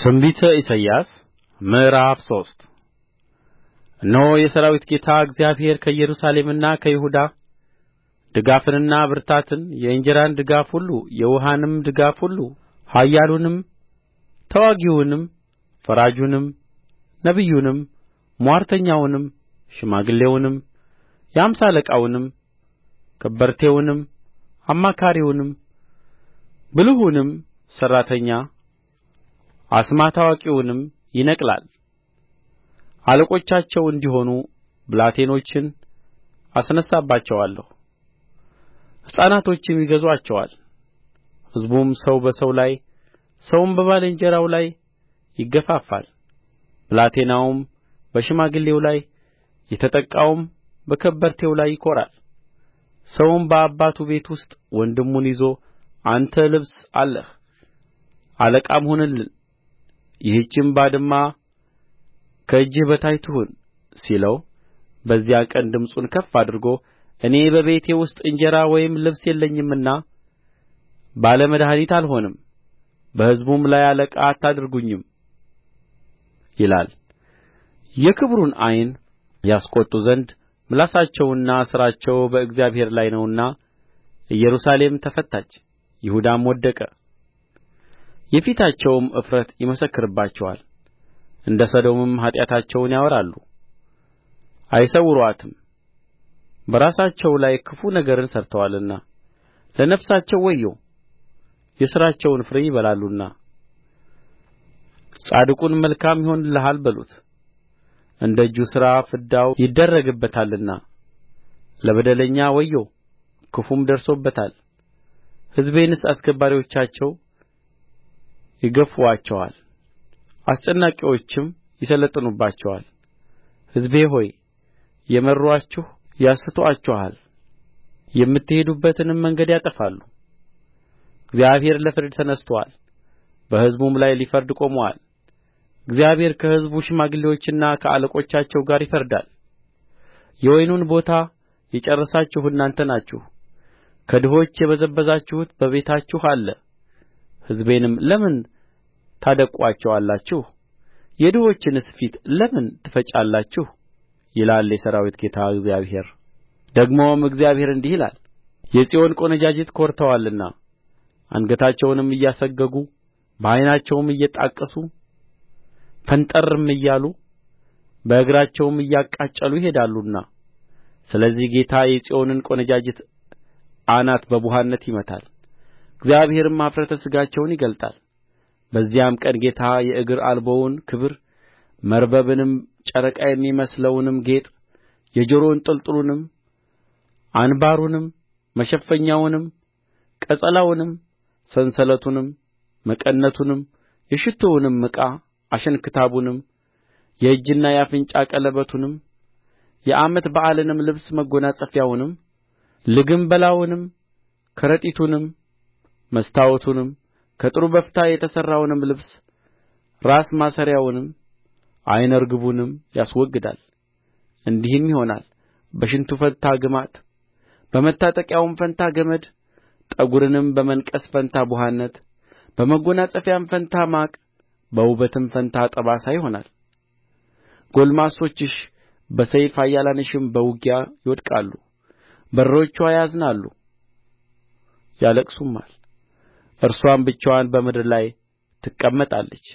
ትንቢተ ኢሳይያስ ምዕራፍ ሶስት እነሆ የሠራዊት ጌታ እግዚአብሔር ከኢየሩሳሌምና ከይሁዳ ድጋፍንና ብርታትን የእንጀራን ድጋፍ ሁሉ የውሃንም ድጋፍ ሁሉ ኃያሉንም ተዋጊውንም ፈራጁንም ነቢዩንም ምዋርተኛውንም ሽማግሌውንም የአምሳ አለቃውንም ከበርቴውንም አማካሪውንም ብልሁንም ሠራተኛ አስማት አዋቂውንም ይነቅላል አለቆቻቸው እንዲሆኑ ብላቴኖችን አስነሣባቸዋለሁ ሕፃናቶችም ይገዙአቸዋል ሕዝቡም ሰው በሰው ላይ ሰውም በባልንጀራው ላይ ይገፋፋል ብላቴናውም በሽማግሌው ላይ የተጠቃውም በከበርቴው ላይ ይኰራል ሰውም በአባቱ ቤት ውስጥ ወንድሙን ይዞ አንተ ልብስ አለህ አለቃም ሁንልን ይህችም ባድማ ከእጅህ በታች ትሁን ሲለው በዚያ ቀን ድምፁን ከፍ አድርጎ እኔ በቤቴ ውስጥ እንጀራ ወይም ልብስ የለኝምና ባለ መድኃኒት አልሆንም በሕዝቡም ላይ አለቃ አታደርጉኝም ይላል የክብሩን ዓይን ያስቈጡ ዘንድ ምላሳቸውና ሥራቸው በእግዚአብሔር ላይ ነውና ኢየሩሳሌም ተፈታች ይሁዳም ወደቀ የፊታቸውም እፍረት ይመሰክርባቸዋል እንደ ሰዶምም ኃጢአታቸውን ያወራሉ አይሰውሩአትም በራሳቸው ላይ ክፉ ነገርን ሠርተዋልና ለነፍሳቸው ወዮ የሥራቸውን ፍሬ ይበላሉና ጻድቁን መልካም ይሆንልሃል በሉት እንደ እጁ ሥራ ፍዳው ይደረግበታልና ለበደለኛ ወዮ ክፉም ደርሶበታል ሕዝቤንስ አስገባሪዎቻቸው ይገፉአቸዋል፣ አስጨናቂዎችም ይሠለጥኑባቸዋል ሕዝቤ ሆይ የመሩአችሁ ያስቱአችኋል የምትሄዱበትንም መንገድ ያጠፋሉ እግዚአብሔር ለፍርድ ተነሥቶአል በሕዝቡም ላይ ሊፈርድ ቆሞአል እግዚአብሔር ከሕዝቡ ሽማግሌዎችና ከአለቆቻቸው ጋር ይፋረዳል የወይኑን ቦታ የጨረሳችሁ እናንተ ናችሁ ከድሆች የበዘበዛችሁት በቤታችሁ አለ ሕዝቤንም ለምን ታደቅቁአቸዋላችሁ የድሆችንስ ፊት ለምን ትፈጫላችሁ ይላል የሠራዊት ጌታ እግዚአብሔር ደግሞም እግዚአብሔር እንዲህ ይላል የጽዮን ቈነጃጅት ኰርተዋልና አንገታቸውንም እያሰገጉ በዓይናቸውም እየጣቀሱ ፈንጠርም እያሉ በእግራቸውም እያቃጨሉ ይሄዳሉና ስለዚህ ጌታ የጽዮንን ቈነጃጅት አናት በቡሀነት ይመታል እግዚአብሔርም ኀፍረተ ሥጋቸውን ይገልጣል በዚያም ቀን ጌታ የእግር አልቦውን ክብር መርበብንም ጨረቃ የሚመስለውንም ጌጥ የጆሮ እንጥልጥሉንም አንባሩንም መሸፈኛውንም ቀጸላውንም ሰንሰለቱንም መቀነቱንም የሽቱውንም ዕቃ አሸንክታቡንም የእጅና የአፍንጫ ቀለበቱንም የዓመት በዓልንም ልብስ መጐናጸፊያውንም ልግምበገላውንም ከረጢቱንም መስተዋቱንም ከጥሩ በፍታ የተሠራውንም ልብስ ራስ ማሰሪያውንም ዓይነ ርግቡንም ያስወግዳል እንዲህም ይሆናል በሽንቱ ፋንታ ግማት በመታጠቂያውም ፋንታ ገመድ ጠጉርንም በመንቀስ ፋንታ ቡሀነት በመጐናጸፊያም ፋንታ ማቅ በውበትም ፋንታ ጠባሳ ይሆናል ጎልማሶችሽ በሰይፍ ኃያላንሽም በውጊያ ይወድቃሉ በሮችዋ ያዝናሉ ያለቅሱማል እርስዋም ብቻዋን በምድር ላይ ትቀመጣለች